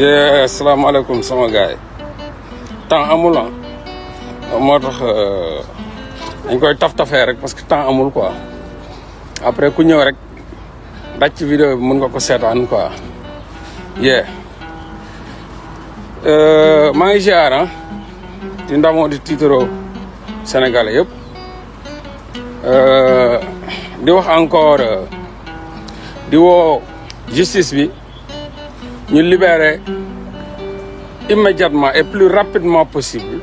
yee asalaamaaleykum sama gars yi temps amul ah moo tax euh, dañ koy taf-tafee rek parce que temps amul quoi après ku ñëw rek daj ci vidéo mën nga ko seetaan quoi yee euh, maa ngi ziar ah di ndamoo di tiitaro euh, di wax encore di woo justice bi ñu libere immédiatement et plus rapidement possible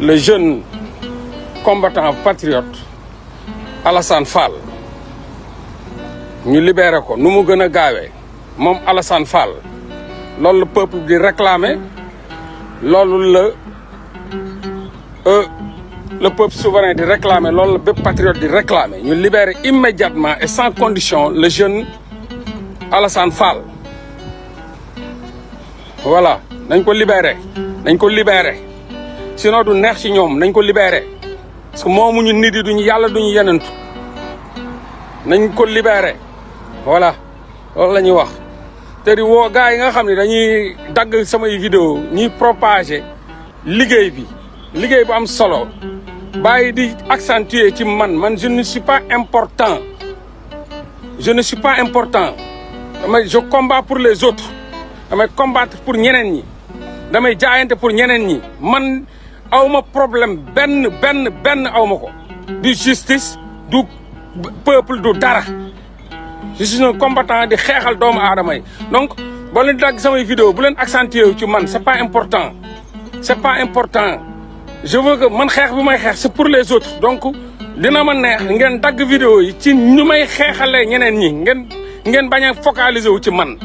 le jeune combattant patriote Alassane Fall ñu libérer ko nu mu gën a gaawee moom Alassane Fall loolu la peuple di réclamer loolu la euh, le peuple souverain di réclamer loolu la bépp patriote di réclamer ñu libérer immédiatement est sans condition le jeune Alassane Fall voilà nañ ko libéré nañ ko libéré sinon du neex ci ñoom nañ ko libéré parce que moomuñu nit yi duñu yàlla du duñu yenentu nañ ko libéré voilà loolu la ñuy wax te di woo gars yi nga xam ne dañuy dagg samay vidéo ñuy propagé liggéey bi liggéey bu am solo bàyyi di accentuer ci man man je ne suis pas important je ne pas important damay je pour les autres damay combattre pour ñeneen ñi damay jaayante pour ñeneen ñi man awma problème benn benn benn awma ko du justice du peuple du dara je suis combattant di xeexal doomu aadama yi donc boo leen dagg samay vidéo bu leen accentuer wu ci man c'est pas important c'est pas important je veux que man xeex bi may xeex c'est pour les autres donc dina ma neex ngeen dagg vidéo yi ci ñu may xeexalee ñeneen ñi ngeen ngeen bañ a focaliser wu ci man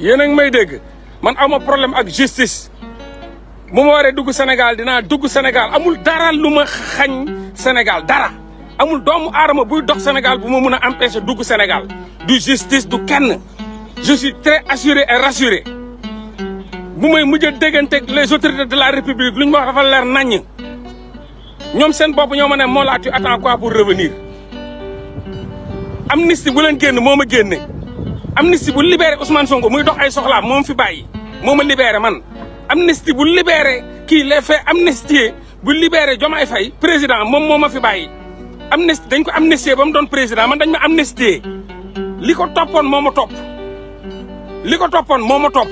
yéen a may dégg man ama problème ak justice bu ma waree dugg Sénégal dinaa dugg Sénégal amul dara lu ma xañ Sénégal dara amul doomu aadama buy dox Sénégal bu ma mun a empêcher dugg Sénégal du justice du kenn je suis très assuré et rassuré bu may mujj a dégganteeg les autorités de la république lu ñu ma wax dafa leer naññ ñoom seen bopp ñoo ma ne moo laa tu attends quoi pour revenir amnistie bu leen génn moo ma génne amnistie bu libéré Ousmane songo muy dox ay soxlaam moom fi bàyyi moo ma libéré man amnistie bu libéré kii les faits amnistiés bu libéré ay fay président moom moo ma fi bàyyi amnistie dañ ko amnistié ba mu doon président man dañ ma amnistié li ko toppoon moo ma topp li ko toppoon moo ma topp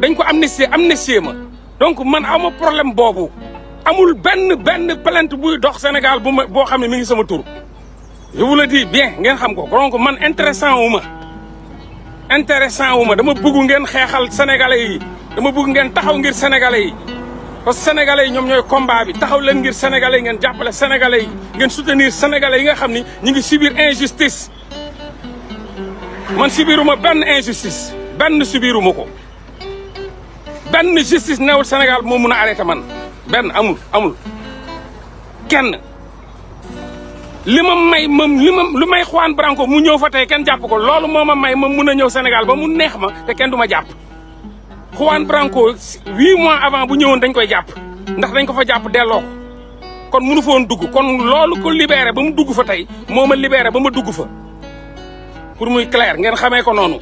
dañ ko amnistié amnistié ma donc man ama problème boobu amul benn benn plainte buy dox Sénégal bu ma boo xam ne mi ngi sama tur je vous bien ngeen xam ko donc man intéressant wu ma intéressant wu ma dama bëgg ngeen xeexal sénégalais yi dama bugg ngeen taxaw ngir sénégalais yi parce que sénégalais yi ñoom ñooy combat bi taxaw leen ngir sénégalais yi ngeen jàppale sénégalais ngeen soutenir sénégalais yi nga xam ni ñu ngi subir injustice man subiruma benn injustice benn subiruma ko benn justice newul Sénégal moo mun a arrêté man benn amul amul kenn li ma may ma li ma lu may Juan Branco mu ñëw fa tey kenn jàpp ko loolu moo ma may ma mun a ñëw Sénégal ba mu neex ma te kenn du ma jàpp. Juan Branco huit mois avant bu ñëwoon dañ koy jàpp ndax dañ ko fa jàpp delloo kon munu fa woon dugg kon loolu ko libéré ba mu dugg fa tey moo ma libéré ba ma dugg fa pour muy clair ngeen xamee ko noonu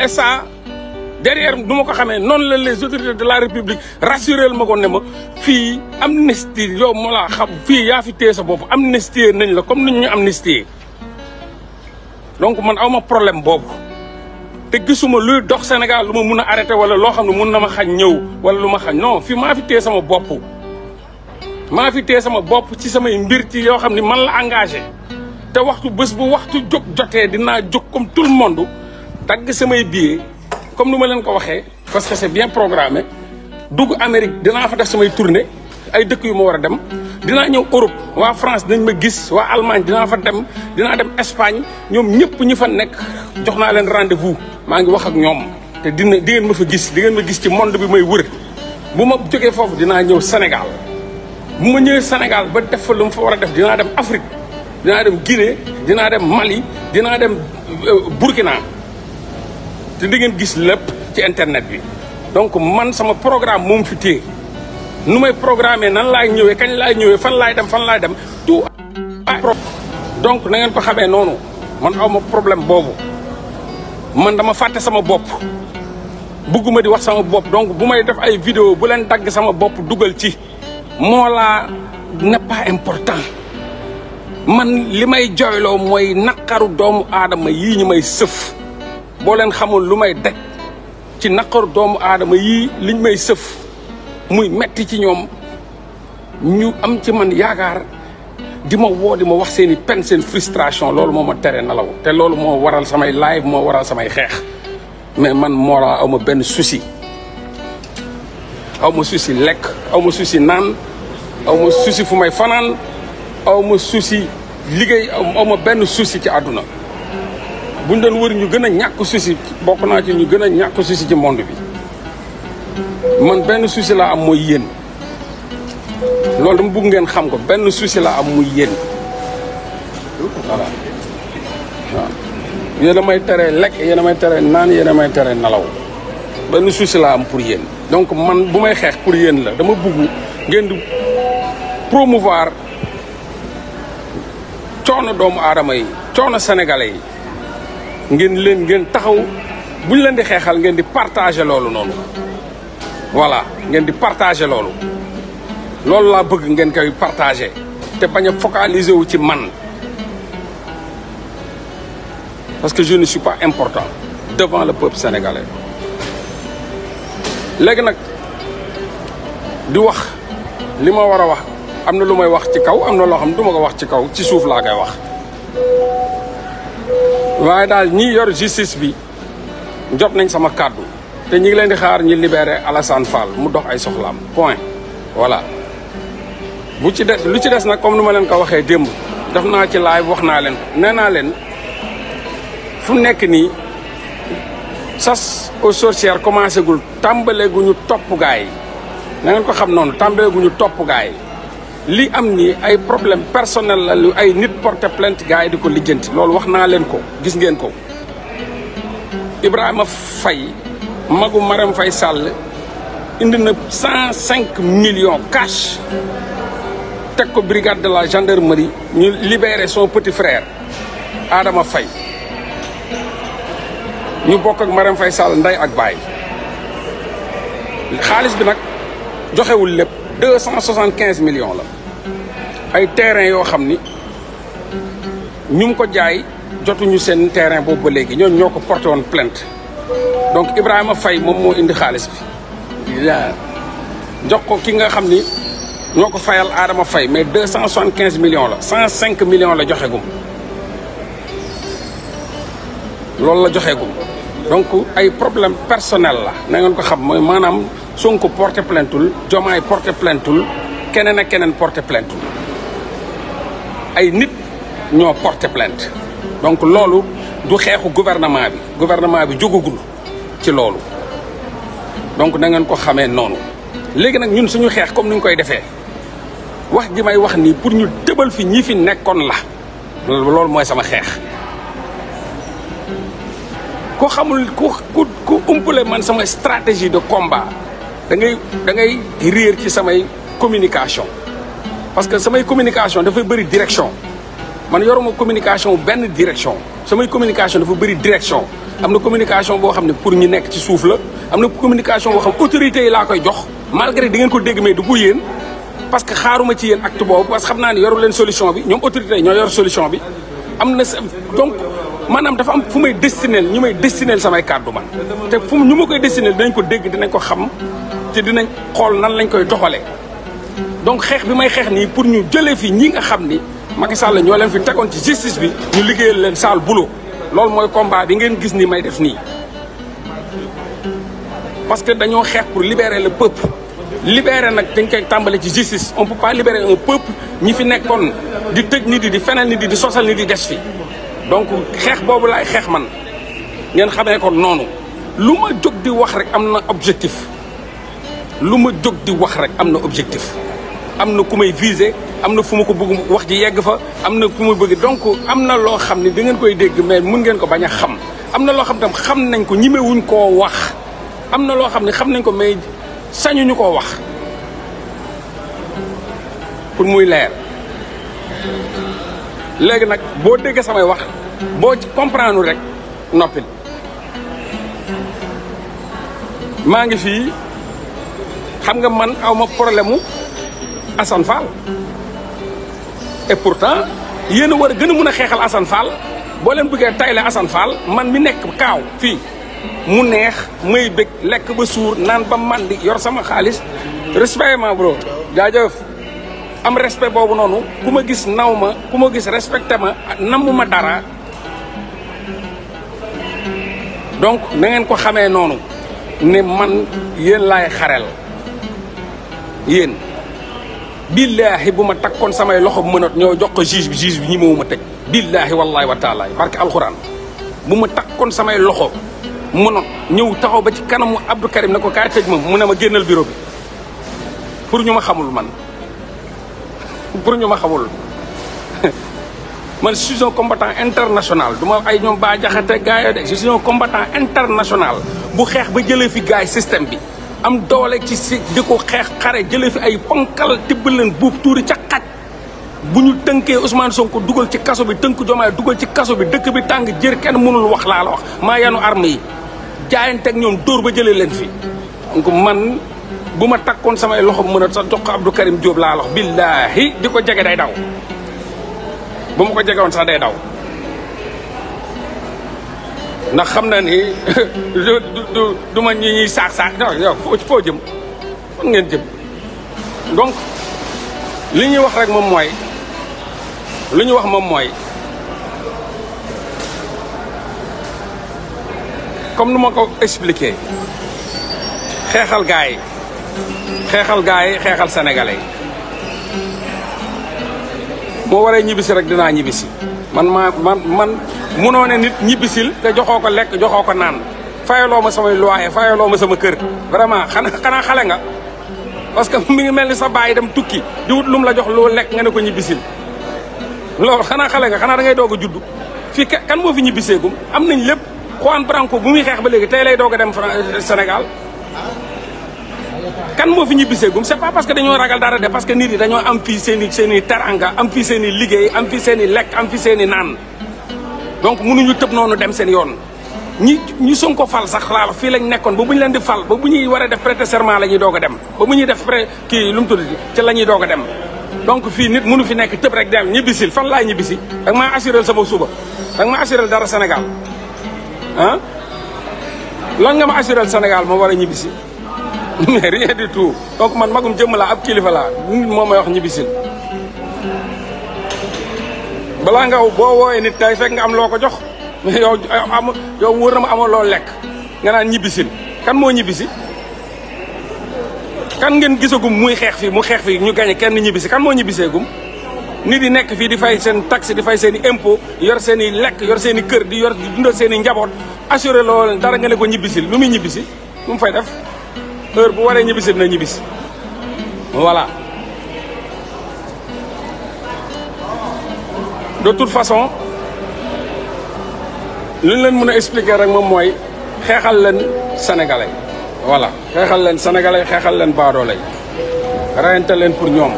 et ça derrière du ma ko xamee noonu la les autorités de la république rassuré ma ko ne ma fii amnistie yow ma laa xam fii yaa fi téye sa bopp amnistie nañ la comme niñ ñu amnistie donc man awma problème boobu te gisuma luy dox Sénégal lu ma mun a arrêté wala loo xam ne mun na ma xañ ñëw wala lu ma xañ non fii maa fi téye sama bopp maa fi téye sama bopp ci samay mbir ci yoo xam ne man la engagé te waxtu bés bu waxtu jóg jotee dinaa jóg comme tout le monde dagg samay billet comme nu ma leen ko waxee parce que c'est bien programmé dugg Amérique dinaa fa def samay tournée ay dëkk yu ma war a dem dinaa ñëw Europe waa France dinañ ma gis waa Allemagne dinaa fa dem dinaa dem Espagne ñoom ñëpp ñu fa nekk jox naa leen rendez-vous maa ngi wax ak ñoom te dina di ma fa gis di ngeen ma gis ci monde bi may wër bu ma jógee foofu dinaa ñëw Sénégal bu ma ñëwee Sénégal ba def fa lu mu fa war a def dinaa dem Afrique dinaa dem Guinée dinaa dem Mali dinaa dem euh, Burkina te di ngeen gis lépp ci internet bi donc man sama programme moom fi téye nu may programmer nan laay ñëwee kañ laay ñëwee fan laay dem fan laay dem tout donc na ngeen ko xamee noonu man aw problème boobu man dama fàtte sama bopp bugguma di wax sama bopp donc bu may def ay vidéo bu leen dagg sama bopp dugal ci moo laa n'est important man li may jooyloo mooy naqaru doomu aadama yii ñu may sëf boo leen xamul lu may daj ci naqar doomu aadama yii liñ may sëf muy metti ci ñoom ñu am ci man yaakaar di ma woo di ma wax seen i peine seen frustration loolu moo ma tere nelaw te loolu moo waral samay live moo waral samay xeex mais man moolaa aw ma benn souci aw ma souci lekk aw ma souci naan aw ma souci fu may fanaan aw ma souci liggéey aw ma benn souci ci àdduna buñ doon wër ñu gën a ñàkk souci bokk naa ci ñu gën a ñàkk souci ci monde bi man benn souci laa am mooy yéen loolu dama bëgg ngeen xam ko benn souci laa am muy yéen voilà waaw may tere lekk yéen a may tere naan yéen a may tere nalaw benn souci laa am pour yéen donc man bu may xeex pour yéen la dama bëgg ngeen di promouvoir coono doomu aadama yi coono sénégalais yi ngeen leen ngeen taxaw buñ leen di xeexal ngeen di partager loolu noonu voilà ngeen di partager loolu loolu laa bëgg ngeen koy partager te bañ a focaliser wu ci man parce que je ne suis pas important devant le peuple sénégalais léegi nag di wax li ma war a wax am na lu may wax ci kaw am na loo xam ne du ma ko wax ci kaw ci suuf laa koy wax waaye daal ñi yor justice bi jot nañ sama kàddu te ñi leen di xaar ñi libéré Alassane Fall mu dox ay soxlaam point voilà bu ci des lu ci des nag comme nu ma leen ko waxee démb def naa ci live wax naa leen nee naa leen fu nekk nii sas aux sorcières commencé gul tàmbaleeguñu gu ñu topp gaay yi na ko xam noonu tàmbaleeguñu gu topp gaay yi li am ni ay problème personnel la lu ay nit porté plainte gars yi di ko lijjanti loolu wax naa leen ko gis ngeen ko Ibrahima Faye magu Marème fay Sall indi na cent cinq millions cash teg ko brigade de la gendarmerie ñu libéré son petit frère Adama Faye ñu bokk ak Marème Faye Sall ndey ak baay xaalis bi nag joxewul lépp deux cent soixante quinze millions la ay terrain yoo xam ni ñu ngi ko jaay jotuñu seen terrain boobu ba léegi ñoom ñoo ko porté woon plainte donc Ibrahima fay moom moo indi xaalis bi jox ko ki nga xam ni ñoo ko fayal Adama fay mais deux cent soixante quinze millions la cent cinq millions la joxegum loolu la joxegum donc ay problème personnel la nangeen ko xam mooy maanaam Sonko porté plaintul Jomaay porté plaintul keneen ak keneen porte plaintul ay nit ñoo porté plainte donc loolu du xeexu gouvernement bi gouvernement bi jógagul ci loolu donc na ngeen ko xamee noonu léegi nag ñun suñu xeex comme ni ñu koy defee wax ji may wax nii pour ñu tëbal fi ñii fi nekkoon la loolu mooy sama xeex ku xamul ku ku ku umpale man sama stratégie de combat da ngay da ngay réer ci samay communication parce que samay communication dafay bëri direction man yoruma communication benn direction samay communication dafa bëri direction am na communication boo xam ne pour ñu nekk ci suuf la am na communication boo xam autorités yi laa koy jox malgré di ngeen ko dégg mais du ko yéen parce que xaaruma ci yéen act boobu parce que xam naa ne yoru leen solution bi ñoom autorités ñoo yor solution bi am na donc maanaam dafa am fu may destinel ñu may destinel samay kàddu man te fu ñu ma koy destinel dinañ ko dégg dinañ ko xam te dinañ xool nan lañ koy doxalee donc xeex bi may xeex nii pour ñu jëlee fi ñi nga xam ni Macky Sall ñoo leen fi tegoon ci justice bi ñu liggéeyal leen saal bulo loolu mooy combat bi ngeen gis ni may def nii parce que dañoo xeex pour libérer la peuple libérer nag dañ koy tàmbali ci justice on peut pas libérer un ñi fi nekkoon di tëj nit yi di fenal nit di sosal nit des fi donc xeex boobu laay xeex man ngeen xamee ko noonu lu ma jóg di wax rek am na objectif lu ma jóg di wax rek am na objectif am na ku may viser am na fu ma ko bëgg wax ji yegg fa am na ku ma bëgg donc am na loo xam ne da ngeen koy dégg mais mun ngeen ko bañ a xam am na loo xam tam xam nañ ko ñimewuñ koo wax am na loo xam ne xam nañ ko mais sañuñu koo wax pour muy leer léegi nag boo déggee samay wax boo ci comprendre rek noppil maa ngi fii xam nga man aw ma problème mu Assane Fall et pourtant yéen a war a gën a mun a xeexal Assane Fall boo leen bëggee tayle Assane Fall man mi nekk kaaw fii mu neex may bëgg lekk ba suur naan ba màndi yor sama xaalis respect ma bro am respect boobu noonu ku ma gis naw ma ku ma gis respecté ma nammuma dara donc na ngeen ko xamee noonu ne man yéen laay xarel yéen billaahi bu ma takkoon samay loxo bu mënat ñoo jox ko juge bi juge bi ñi ma tëj billaahi wallaahi wa taala barke alxuraan bu ma takkoon samay loxo mënat ñëw taxaw ba ci kanamu Abdou Karim ne ko kaay tëj ma mu ne ma génnal bureau bi pour ñu ma xamul man pour ñu ma xamul man je combattant international duma ay ñoom baa jaxate gaay de je combattant international bu xeex ba jëlee fi gaay système bi am doole ci si di ko xeex xare jëlee fi ay ponkal tibb leen buub tuuri ca xaj bu ñu tënkee Ousmane Sonko dugal ci kaso bi tënk Diomaye dugal ci kaso bi dëkk bi tàng jër kenn mënul wax laa la wax maa yanu arme yi jaayanteeg ñoom dóor ba jëlee leen fi donc man bu ma takkoon samay loxo bu mën a sax jox ko Abdou Karim Diop laa lox billaahi di ko jege day daw bu ma ko jegewoon sax day daw ndax xam na ni du du du ma ñi ñuy saax saax yow foo foo jëm fan ngeen jëm donc li ñuy wax rek moom mooy li ñu wax moom mooy comme nu ma ko expliqué xeexal gars yi xeexal gaa yi xeexal sénégalais moo moo waree ñibbisi rek dinaa ñibbisi man maa man man munoo ne nit ñibbisil te joxoo ko lekk joxoo ko naan fayaloo ma samay loyer fayaloo ma sama kër vraiment xanaa xanaa xale nga parce que mi ngi mel ni sa baay dem tukki di wut lum la jox loo lekk nga ne ko ñibbisil loolu xanaa xale nga xanaa dangay ngay doog a judd fii kan moo fi ñibbiseegum am nañ lépp Juan Branco bu muy xeex ba léegi tey lay doog a dem Sénégal kan moo fi ñibbiseegum c'est pas parce que dañoo ragal dara de parce que nit yi dañoo am fii seen i seen i teranga am fii seen i liggéey am fii seen i lekk am fii seen naan donc mënuñu tëb noonu dem seen yoon ñi ñu Sonko fal sax laa fii lañ nekkoon ba bu ñu leen di fal ba bu ñuy war a def prêter serment la ñuy doog a dem ba def pré kii ci la ñuy doog a dem donc fii nit mënu fi nekk tëb rek dem ñibbisil fan laay ñibbisi danga maa assuré sama suba danga ma assuré dara Sénégal ah lan nga ma assuré Sénégal moo war a ñibbisi mais rien donc man magum jëmm laa ab kilifa laa nit moo wax ñibbisil balaa nga boo woowee nit tey fekk nga am loo ko jox mais yow am yow wóor na ma amoon loo lekk nga naan ñibbisil kan moo ñibbisi kan ngeen gisagum muy xeex fii mu xeex fi ñu gañe kenn ñibbisi kan moo ñibbisee ñibbiseegum nit yi nekk fii di fay seen taxe di fay seen i impôt yor seen i lekk yor seen kër di yor di dundal seen njaboot assuré loolu dara nga ne ko ñibbisil lu muy ñibbisi lu mu fay def heure bu waree ñibbisi na ñibbisi voilà de toute façon lu leen mën a expliquer rek moom mooy xeexal leen sénégalais voilà xeexal leen sénégalais xeexal leen baadoo lay reyante leen pour ñoom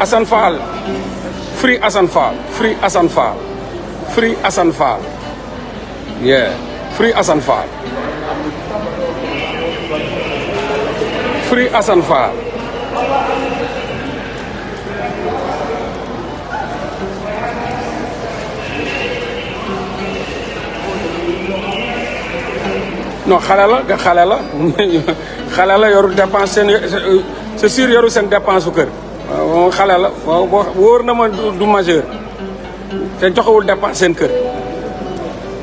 Assane Fall free Assane Fall free Assane Fall Free Assane Fall yeah Free Assane Fall Free Assane Fall non xale la nga yoru dépense seen c'est sûr yoru seen dépense kër waaw xale la waaw boo na ma du majeur te joxewul dépense seen kër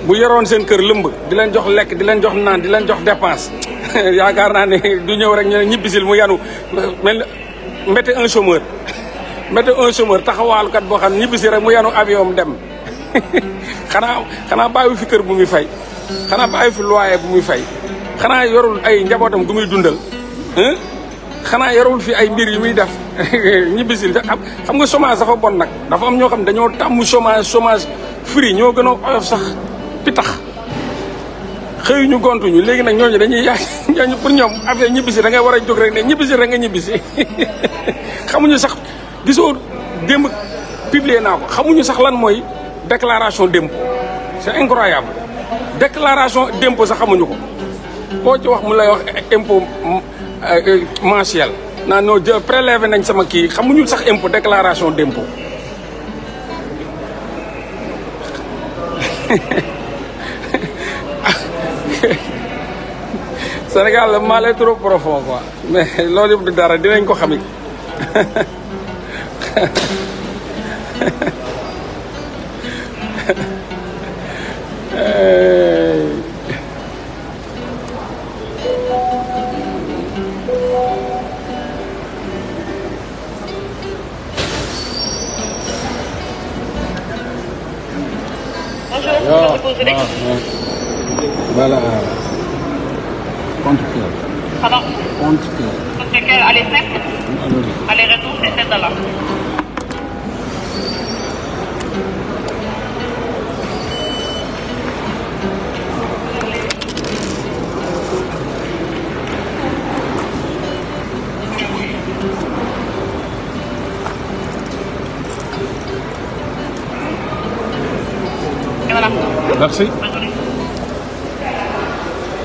bu yoroon seen kër lëmb di leen jox lekk di leen jox naan di leen jox dépense yaakaar naa ne du ñëw rek ñu ne ñibbisil mu yanu mel mettez un chômeur mettez un chômeur taxawaalukat boo xam ñibbisi rek mu yanu avion mu dem xanaa xanaa bàyyi fi kër bu muy fay xanaa bàyyi fi loyer bu muy fay xanaa yorul ay njabootam gu muy dundal xanaa yarul fi ay mbir yu muy def ñibbisil xam xam nga chômage dafa bon nag dafa am ñoo xam dañoo tàmm chômage chômage free ñoo gën oyof sax pitax xëyu ñu gontuñu léegi nag ñooñu dañuy yaay ñooñu pour ñoom affaire ñibbisi da ngay war a jóg rek ne ñibbisi rek nga ñibbisi xamuñu sax gisoo démb publier naa ko xamuñu sax lan mooy déclaration d'impôt c'est incroyable déclaration d'impôt sax xamuñu ko koo wax mu lay wax impôt Euh, euh, mensuel naa nañ sama kii xamuñu sax impôt déclaration d' Sénégal mal est trop profond quoi mais loolu yëpp dara dinañ ko xamit euh, poser rek. voilà compte cœur. Euh, xanaa. Euh, compte cœur. parce que allez fekk. allez retour c'est sept dollars. merci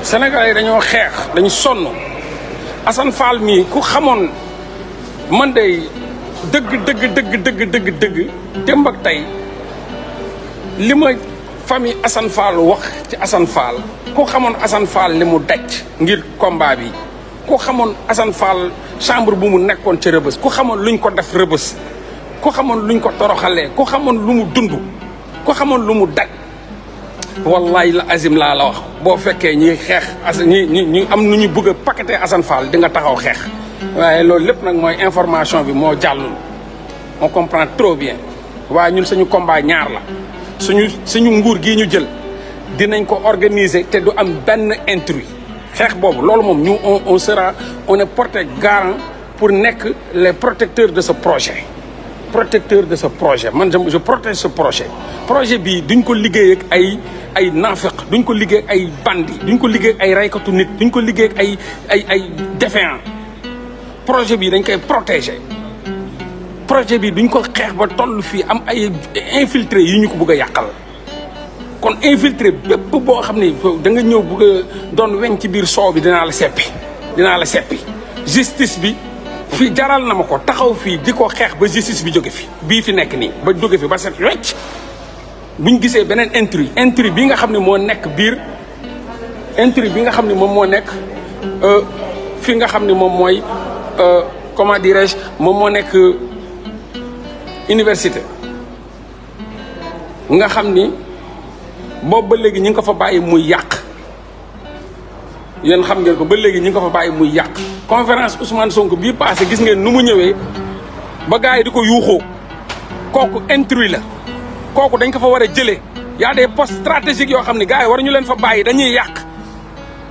sénégalais yi dañoo xeex dañu sonn Assane Fall mii ku xamoon man de dëgg dëgg dëgg dëgg dëgg dëgg démb ak tey li ma famille Assane Fall wax ci Assane Fall ku xamoon Assane Fall li mu daj ngir combat bi ku xamoon Assane Fall chambre bu mu nekkoon ca rëbës ku xamoon luñ ko def rëbës ku xamoon luñ ko toroxalee ku xamoon lu mu dund ku xamoon lu mu daj wallaay la azim laa la wax boo fekkee ñi xeex as ñi ñi ñu am nu ñu bëgg a paqueté Assane Fall di nga taxaw xeex. waaye loolu lépp nag mooy information bi moo jàllul moo comprend trop bien waaye ñun suñu combat ñaar la suñu suñu nguur gii ñu jël dinañ ko organiser te du am benn intri xeex boobu loolu moom ñu on on sera on est porté garant pour nekk les protecteurs de ce projet. protecteur de ce projet man je protège ce projet projet bii duñ ko liggéey ay ay naafeq duñ ko liggéey ay bandi duñ ko liggéey ay raykatu nit duñ ko liggéey ay ay ay déféant projet bii dañ koy protéger projet bi duñ ko xeex ba toll fii am ay infiltré yu ñu ko bëgg a yàqal kon infiltré bépp boo xam ne da nga ñëw bëgg a doon weñ ci biir soow bi dinaa la seppi dinaa la seppi justice bi fi jaral na ma ko taxaw fii di ko xeex ba justice bi jóge fi bii fi nekk nii ba jóge fi ba set wecc buñ gisee beneen intrus intrus bi nga xam ne moo nekk biir intrus bi nga xam ne moom moo nekk euh, fi nga xam ne moom mooy euh, comment dirais-je moom moo nekk euh, université nga xam ni boobu ba léegi ñu ngi ko fa bàyyi muy yàq yéen xam ngeen ko ba léegi ñi ngi ko fa bàyyi muy yàq conférence Ousmane Sonko bii passé gis ngeen nu mu ñëwee ba gaa yi di ko yuuxoo kooku intrus la kooku dañ ko fa war a jëlee y'a de postes stratégiques yoo xam ne gars yi waruñu leen fa bàyyi dañuy yàq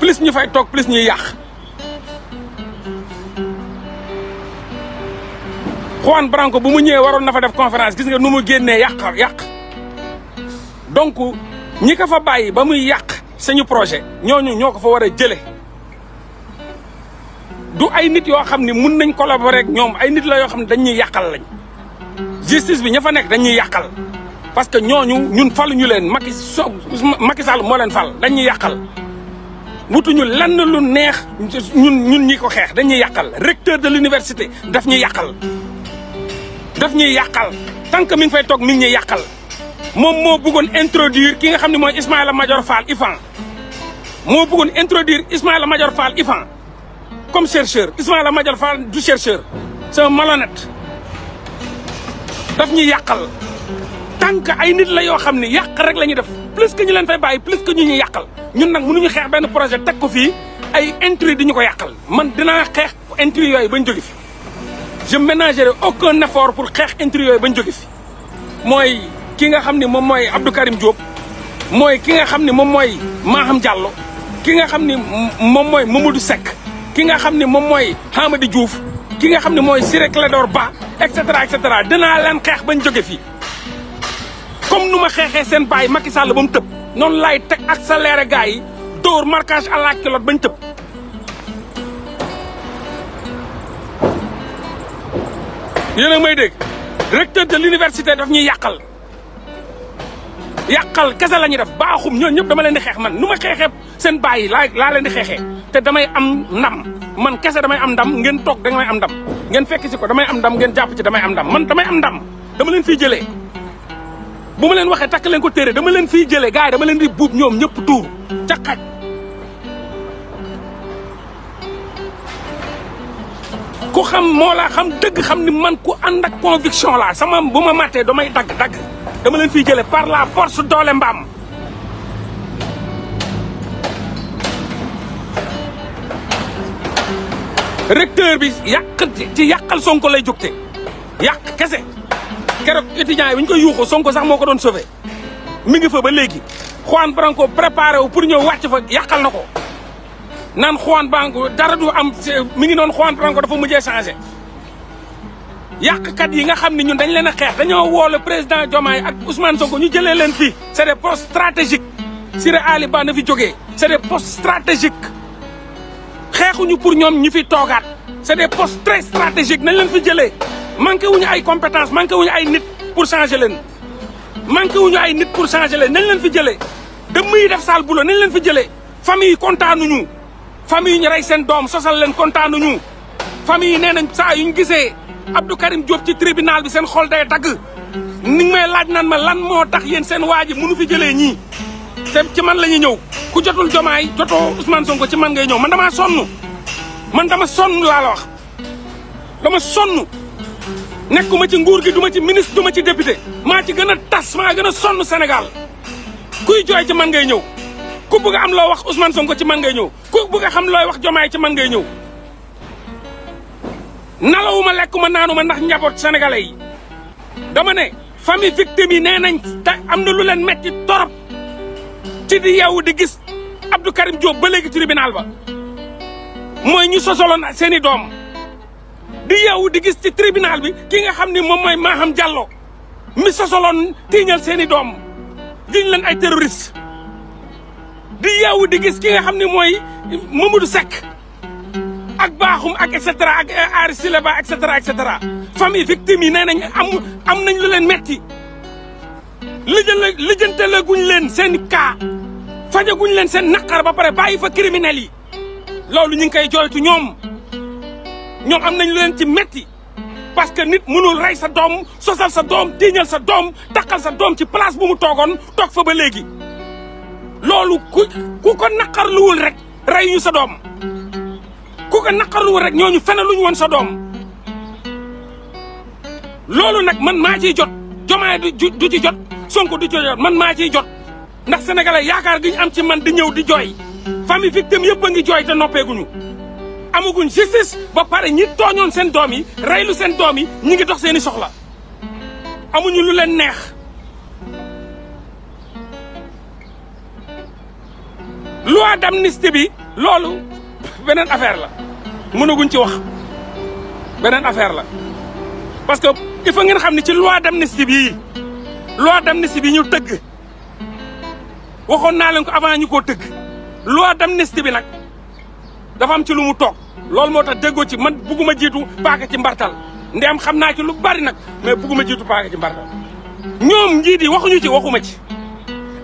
plus ñu fay toog plus ñuy yàq Juan Branco bu mu ñëwee waroon na fa def conférence gis nga nu mu génnee yàq yàq donc ñi ko fa bàyyi ba muy yàq suñu projet ñooñu ñoo ko fa war a jële du ay nit yoo xam ni mun nañ collaborer ak ñoom ay nit la yoo xam ne dañuy yàqal lañ justice bi ña fa nekk dañuy yàqal parce que ñooñu ñun ñu leen Macky so Macky Sall moo leen fal dañuy yàqal wutuñu lan lu neex ñun ñun ñi ko xeex dañuy yàqal recteur de l'université daf ñuy yàqal daf ñuy yàqal tant que mi ngi fay toog mi ngi ñuy yàqal moom moo buggoon introduire ki nga xam ne mooy Ismaïla Madior i IFAN moo buggoon bëggoon introduire Ismaïla Madior Fall IFAN comme chercheur Ismaïla Madior Fall du chercheur c'est un daf ñu yàqal tant que ay nit la yoo xam ne yàq rek la ñuy def plus que ñu leen fay bàyyi plus que ñu ñuy yàqal ñun nag mënuñu xeex benn projet teg ko fii ay intrus di ñu ko yàqal man dina xeex intrus yooyu bañ jóge fi je ménagerai aucun effort pour xeex intrus bañ jóge fi mooy ki nga xam ni moom mooy Abdou Karim mooy ki nga xam ni moom mooy Maham Diallo ki nga xam ni moom mooy Mamadou Seck ki nga xam ni moom mooy Hamadi Diouf ki nga xam ni mooy Ciré Clédor Ba et cetera et cetera dinaa leen xeex bañ jóge fii comme nu ma xeexee seen baay Macky Sall ba mu tëb noonu laay teg accéléré gars yi dóor marquage à la culotte bañ tëb yéen a may dégg recteur de l'université daf ñuy yàqal yàqal kese la ñuy def baaxum ñoo ñëpp dama leen di xeex man nu ma xeexee seen bàyyi laa laa leen di xeexee te damay am ndam man kese damay am ndam ngeen toog damay am ndam ngeen fekk ci ko damay am ndam ngeen jàpp ci damay am ndam man damay am ndam dama leen fiy jëlee bu ma leen waxee takk leen ko téere dama leen fiy jële gars yi dama leen di buub ñoom ñëpp tuur ca ku xam moo laa xam dëgg xam ni man ku ànd ak conviction laa sama bu ma màttee damay dagg dagg dama leen fii jële par la force doole mbaam recteur bi yàq ci yàqal sonko lay jógte yàq kese keroog étudiants yi bu ñu koy yuuxu sonko sax moo ko doon sauvé mi ngi fa ba léegi Juan Branco préparé wu pour ñëw wàcc fa yàqal na ko naan Juan Branco dara du am mi ngi noon Juan Branco dafa mujjee changé yax yàqkat yi nga xam ne ñun dañ leen a xeex dañoo woo président Diomaye ak Ousmane Sonko ñu jëlee leen fii c'est des postes stratégiques Siré Ali Ba na fi jógee c'est des postes stratégiques xeexuñu pour ñoom ñu fi toogaat c'est des postes très stratégiques nañ leen fi jëlee manqué wuñu ay compétence manqué wuñu ay nit pour changer leen manqué wuñu ay nit pour changer nañ leen fi jëlee dëmm yi def sale boulot nañ leen fi jëlee famille yi ñu famille yi ñu rey seen doom sosal leen kontaanuñu famille yi nee nañ saa yu ñu gisee Abdou Karim Diop ci tribunal bi seen xol day dagg ni ngi may laaj nan ma lan moo tax yéen seen waa ji mënu fi jëlee ñii te ci man la ñuy ñëw ku jotul jomaay jotoo Ousmane ko ci man ngay ñëw man damaa sonn man dama sonn laa la dama sonn nekkuma ci nguur gi duma ci ministre duma ci député maa ci gën a tas maa gën a sonn Sénégal kuy jooy ci man ngay ñëw ku bëgg am loo wax son ko ci man ngay ñëw ku bëgg a xam looy wax jomaay ci man ngay ñëw nalawuma lekkuma naanuma ndax njaboot sénégalais dama ne famille victime yi nee nañ te am na lu leen metti torop ci di yeewu di gis Abdou Karim Diop ba léegi tribunal ba mooy ñu sosoloon seen i doom di yeewu di gis ci tribunal bi ki nga xam ni moom mooy Maham Diallo mi sosoloon tiiñal seen i doom jiñ leen ay terroriste di yeewu di gis ki nga xam ni mooy Mamadou Seck ak baaxum ak et cetera ak euh, aar sileba et cetera et cetera famille victime yi nee nañ am am nañ lu leen metti lijjël leen seen cas fajaguñ leen seen naqar ba pare bàyyi fa criminels yi loolu ñu ngi koy jooytu ñoom ñoom am nañ leen ci metti parce que nit mënul rey sa doom sosal sa doom tiiñal sa doom taqal sa doom ci place bu mu toogoon toog fa ba léegi loolu ku ku ko naqarluwul rek rayu ñu sa doom ku ko naqarluwul rek ñooñu fenaluñu woon sa doom loolu nag man maa ciy jot jomaay du ci jot sonko du ci jot man maa ciy jot ndax sénégalais yaakaar gi ñu am ci man di ñëw di jooy famille victime yëpp a ngi jooy te noppeeguñu amaguñ justice ba pare ñi tooñoon seen doom yi reylu seen doom yi ñi ngi dox seeni soxla amuñu lu leen neex loi d'amnistie bi loolu beneen affaire la mënaguñ ci wax beneen affaire la parce que il faut ngeen xam ne ci loi d'amnistie bii loi d'amnistie bi ñu tëgg waxoon naa leen ko avant ñu koo tëgg loi d'amnistie bi nag dafam ci lu mu toog loolu moo tax déggoo ci man bugguma jiitu paaka ci mbartal ndem xam naa ci lu bari nag mais bugguma jiitu paaka ci mbartal ñoom njiit yi waxuñu ci waxuma ci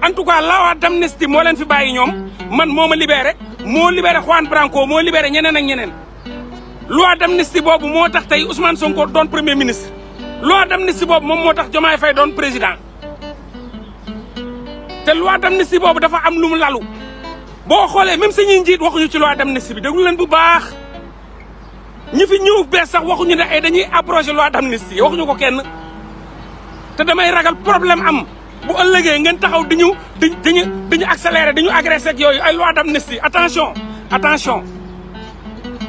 en tout cas loi d'amnistie moo leen fi bàyyi ñoom man moo ma libéré moo libéré Juan Branco moo libéré ñeneen ak ñeneen loi d'amnistie boobu moo tax tey Ousmane Sonko doon premier ministre loi d'amnistie boobu moom moo tax Diomaye fay doon président te loi d'amnistie boobu dafa am lu mu lalu boo xoolee même si ñuy njiit waxuñu ci loi d'amnistie bi déglu leen bu baax ñi fi ñëw bees sax waxuñu ne ay eh, dañuy approché loi d'amnistie waxuñu ko kenn te damay ragal problème am bu ëllëgee ngeen taxaw di ñu di ñu di ñu accéléré di ñu agressé ak yooyu ay loi d'amnistie attention attention.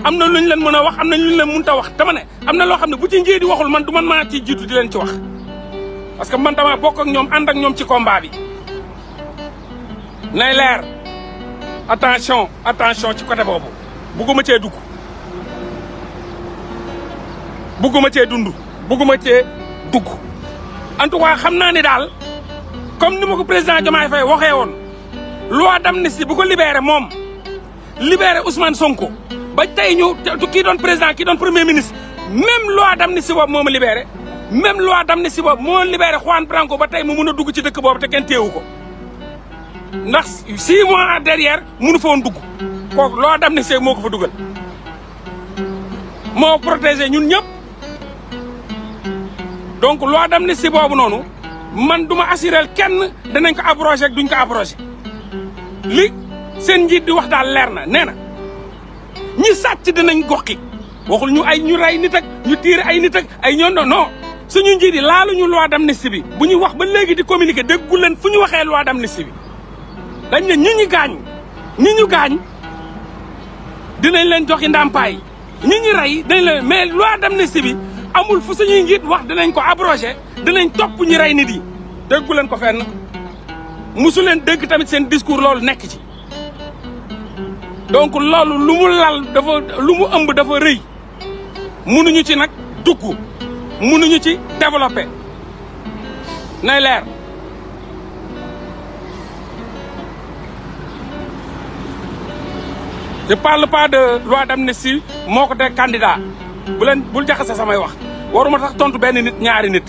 am na luñ leen mën a wax am na luñ leen mënta wax dama ne am na loo xam ne bu ci njee di waxul man du man maa ciy jiitu di leen ci wax parce que man dama bokk ak ñoom ànd ak ñoom ci combat bi nay leer attention attention ci côté boobu bugguma cee dugg bugguma cee dund bugguma cee dugg en tout cas xam naa ni daal comme ni ma ko président Diomaye Faye waxee woon loi d'amnistie bu ko libéré moom libéré Ousmane Sonko ba tey ñu kii doon président kii doon premier ministre même loi d'amnistie dam moo ma libéré même loi d'amnistie boobu moo libéré Juan Branco ba tey mu mun a dugg ci dëkk boobu te kenn téewu ko ndax six mois derrière munu fa woon dugg kooku loi d'amnistie moo ko fa dugal moo protégé ñun ñëpp donc loi d'amnistie boobu noonu man du ma assuré kenn danañ ko abrogé duñ ko abrogé li seen njiit di wax leer na nee na ñi sàcc dinañ goxi waxul ñu ay ñu rey nit ak ñu tiir ay nit ak ay ñoon non non suñu njiit yi laaluñu loi d'amnistie bi bu ñu wax ba léegi di communiquer déggu leen fu ñu waxee loi d'amnistie bi dañ ne ñi ñu gaañ ñi ñu gaañ dinañ leen joxi ndàmpaay ñi ñu rey dañ leen mais loi d'amnistie bi amul fu suñuy njiit wax dinañ ko abrogé dinañ topp ñu rey nit yi déggu leen ko fenn musu leen dégg tamit seen discours loolu nekk ci donc loolu lu mu lal lu mu ëmb dafa rëy mënuñu ci nag dugg mënuñu ci développé nay leer je parle pas de loi d'amnistie moo ko de candidat bu leen bul jaxase samay wax waruma tax tontu benn nit ñaari nit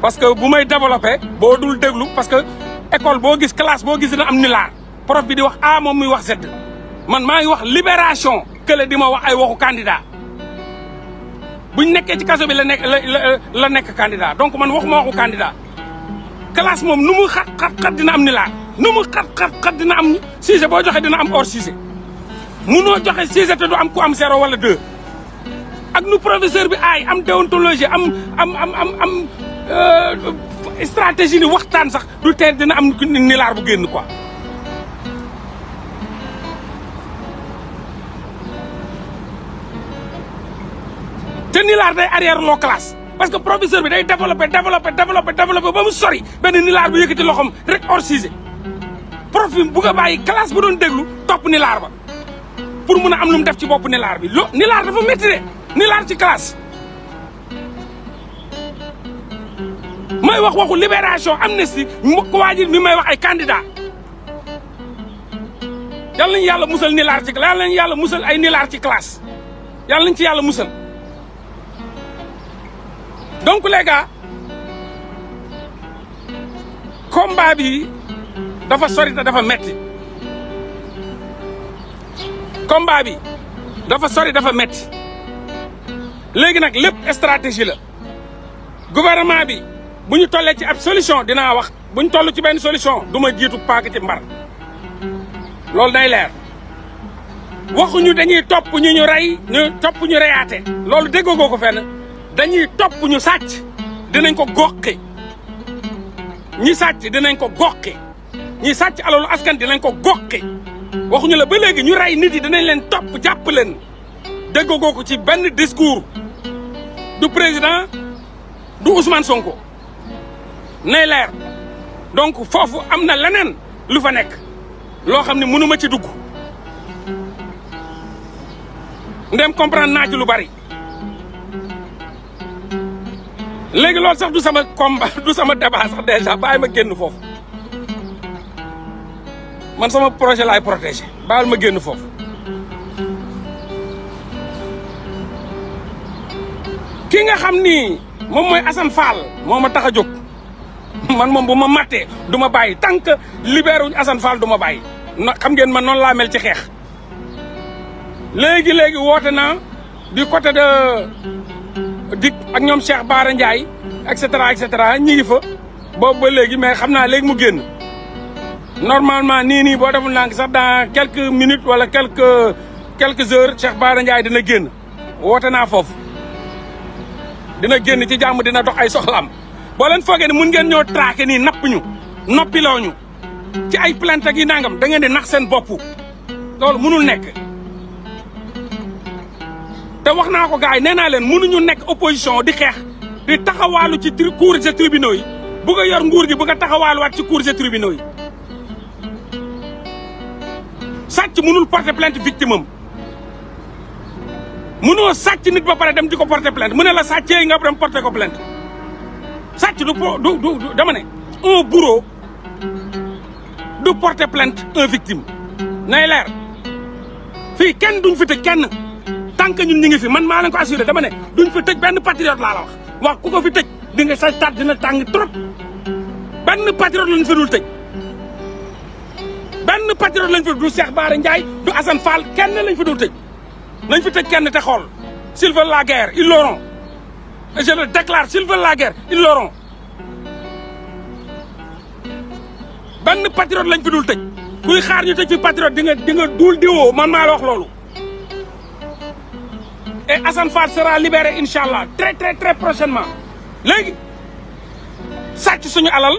parce que bu may développé boo dul déglu parce que école boo gis classe boo gis na am ni laar prof bi di wax A moom muy wax Z man maa ngi wax libération kële di ma wax ay waxu candidat buñ nekkee ci kaso bi la nekk la nekk candidat donc man waxuma waxu candidat classe moom nu mu xat xat xat dina am ni laa nu mu xat xat dina am Cissé boo joxe dina am hors Cissé munoo joxe Cissé te du am ku am zéro wala deux ak nu professeur bi aay am déontologie am am am am am euh, stratégie ni waxtaan sax du teel dina am nilaar bu génn ko nilaar day arrière loo classe parce que professeur bi day développé développé développé développé ba mu sori benn nilaar bu yëkkati loxoom rek hors sujet prof bi bugg a bàyyi classe bu doon déglu topp nilaar ba pour mun a am lu mu def ci bopp nilaar bi lo nilaar dafa métti de nilaar ci classe may wax waxu libération amnistie mbokk waa ji mi may wax ay candidat yàlla nañu yàlla musal nilaar ci yàlla nañu yàlla musal ay nilaar ci classe yàlla nañu ci yàlla musal donc les gars combat bi dafa sori te dafa metti combat bi dafa sori dafa metti léegi nag lépp stratégie la gouvernement bi bu ñu tollee ci ab solution dinaa wax bu ñu toll ci benn solution du ma jiitu paak ci mbar loolu day leer waxuñu dañuy topp ñu ñu rey ñu topp ñu reyaate loolu déggoo ko fenn. dañuy topp ñu sàcc dinañ ko goqi ñi sàcc dinañ ko goqi ñi sàcc alalu askan dinañ ko goqi waxuñu la ba léegi ñu rey nit yi dinañ leen topp jàpp leen déggoo ko ci benn discours du président du usmaan Sonko nay leer donc foofu am na leneen lu fa nekk loo xam ne mënuma ci dugg ndem comprendre naa lu bari léegi lool sax du sama combat du sama débat sax déjà bàyyi ma génn foofu man sama projet laay protéger bàyyil ma génn foofu ki nga xam ni moom mooy Assane Fall moo ma tax a jóg man moom bu ma màttee du ma bàyyi tant que libéré wuñ Assane du ma bàyyi xam ngeen man noonu laa mel ci xeex léegi-léegi woote naa di côté de dik ak ñoom Cheikh Baara Ndiaye et cetera et cetera ñi fa boobu ba léegi mais xam naa léegi mu génn normalement nii nii boo deful ndànk sax dans quelques minutes wala quelques quelques heures Cheikh Baara Ndiaye dana génn woote naa foofu dana génn ci jàmm dana dox ay soxlaam boo leen foogee ne mun ngeen ñoo traqué nii napp ñu noppiloo ñu ci ay plainte ak yi nangam da ngeen di nax seen bopp loolu munul nekk te wax naa ko gars yi nee naa leen mënuñu nekk opposition di xeex di taxawaalu ci cour des tribunaux yi bëgg a gi bu gi bëgg waat taxawaaluwaat ci cour des tribunaux yi sàcc mënul porter plainte victime am mënoo sàcc nit ba pare dem di ko porter plainte mu ne la sàccee yi nga dem porter ko plainte sàcc du po du du dama ne un du porter plainte un victime nay leer fii kenn duñ fi te kenn tant ñun ñu ngi fi man maa ko assuré dama ne duñ fi tëj benn patriote laa la wax wax sa taat dina tàng trop benn patriote lañ fi dul tëj benn patriote lañ fi du Cheikh Bara Ndiaye du Assane Fall kenn lañ fi dul tëj nañ fi tëj kenn te xool s'ils veulent la guerre ils l'auront et je benn patriote lañ fi dul tëj kuy xaar ñu tëj fi patriote di nga di nga duul diwoo man maa la loolu et asan Fall sera libéré incha allah très très très prochainement léegi sàcc suñu alal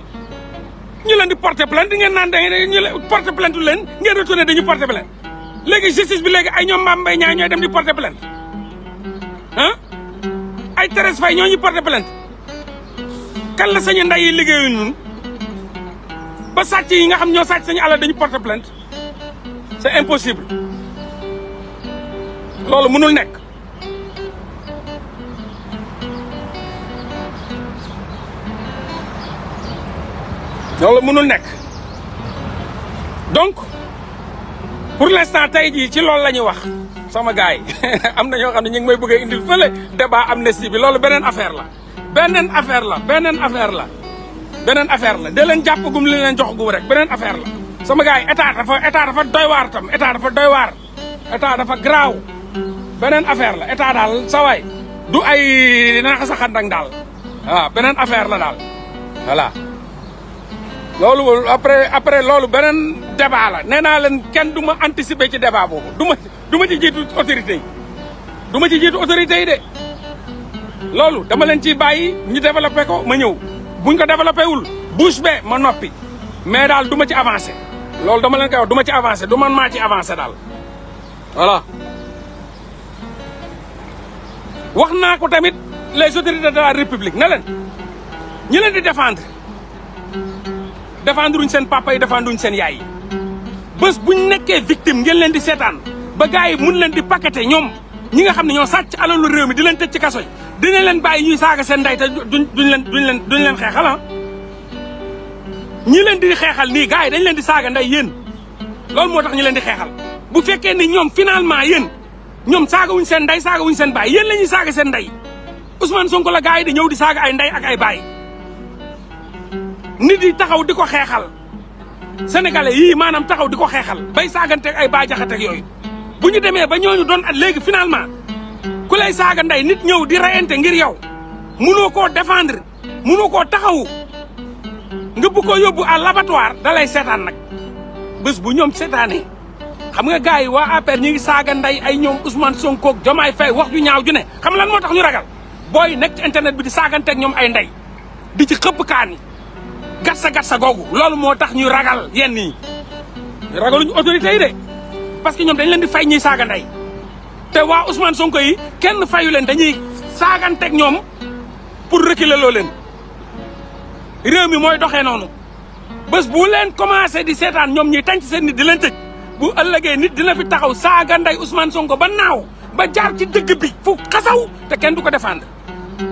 ñu leen di porte plainte di ngeen naan da ngeen ñu porter leen ngeen retourné dañu porter plainte léegi justice bi léegi ay ñoom Mame Mbaye ñoo ñooy dem di porter plainte ah ay Thérèse Faye ñoo ñu porter plainte kan la sañu nday yi liggéeyu ba sàcc yi nga xam ñoo sàcc sañu alal dañu porter plainte c'est impossible loolu mënul nekk loolu mënul nekk donc pour l'instant tey jii ci lool la ñuy wax sama gars yi am na ñoo xam ne ñu ngi may bëgg a indil fële débat amnistie bi loolu beneen affaire la beneen affaire la beneen affaire la beneen affaire la da leen jàppagum li leen jox gum rek beneen affaire la sama gars yi état dafa état dafa doy waar tam état dafa doy waar état dafa garaaw beneen affaire la état daal sa du ay naaxa sa xandak daal ah, beneen affaire la daal loolu après après loolu beneen débat la nee naa leen kenn du ma anticiper ci débat boobu du ma du ma ci jiitu autorité yi du ma ci jiitu autorité yi de loolu dama leen ciy bàyyi ñu développé ko ma ñëw buñ ko développé wul bouche bee ma noppi mais daal du ma ci avancé loolu dama leen koy wax du ma ci avancer du maa ci avancé daal voilà wax naa ko tamit les autorités de la république ne ñi leen di défendre défendruñ seen papa yi défendruñ seen yaay bës bu buñ nekkee victime ngeen leen di seetaan ba gars yi mun leen di paqueté ñoom ñi nga xam ne ñoo sàcc alalu réew mi di leen tëj ci kasoy di dina leen bàyyi ñuy saaga seen ndey te duñ duñ leen duñ leen duñ leen xeexal ah. ñi leen di xeexal nii gars yi dañ leen di saaga ndey yéen loolu moo tax ñu leen di xeexal bu fekkee ni ñoom finalement yéen ñoom saagawuñ seen ndey saagawuñ seen baay yéen la ñuy saaga seen ndey Ousmane Sonko la gars yi di ñëw di saaga ay ndey ak ay baay nit yi taxaw di ko xeexal senegale yii maanaam taxaw di ko xeexal bay saagante ay baajaxateeg yooyu bu ñu demee ba ñooñu doon a léegi finalement ku lay saaga ndey nit ñëw di reyante ngir yow mënoo koo défendre mënoo koo taxawu nga bu ko yóbbu à l'abattoir da lay seetaan nag bés bu ñoom seetaanee xam nga gars yi waa APR ñu ngi saaga ndey ay ñoom Ousmane Sonko ak Diomaye wax ju ñaaw ju ne xam lan moo tax ñu ragal booy nekk ci internet bi di saaganteeg ñoom ay ndey di ci xëpp kaan gatsa gatsa googu loolu moo tax ñu ragal yenn yi ragaluñu ñu yi de parce que ñoom dañ leen di fay ñuy saaga ndey te waa Ousmane Sonko yi kenn fayu leen dañuy saaganteeg ñoom pour reculer loo leen réew mi mooy doxee noonu bés bu leen commencé di seetaan ñoom ñuy tànc seen nit di leen tëj bu ëllëgee nit dina fi taxaw saaga ndey Sonko ba naaw ba jaar ci dëgg bi fu xasaw te kenn du ko défendre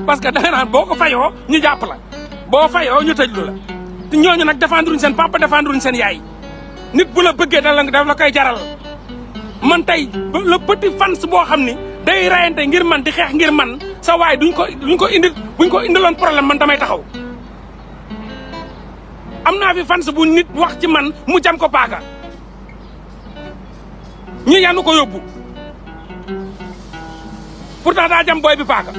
parce que da boo ko fayoo ñu jàpp la boo fayoo ñu tëjlu ñooñu nag défendruñ seen papa défendruñ seen yaay nit bu la bëggee dala la koy jaral man tey le petit fans boo xam ni day rayante ngir man di xeex ngir man sawaay duñ ko duñ ko indil buñ ko indiloon problème man damay taxaw am naa fi fans bu nit wax ci man mu jam ko paaka ñu yanu ko yóbbu pourtant daa jam booy bi paaka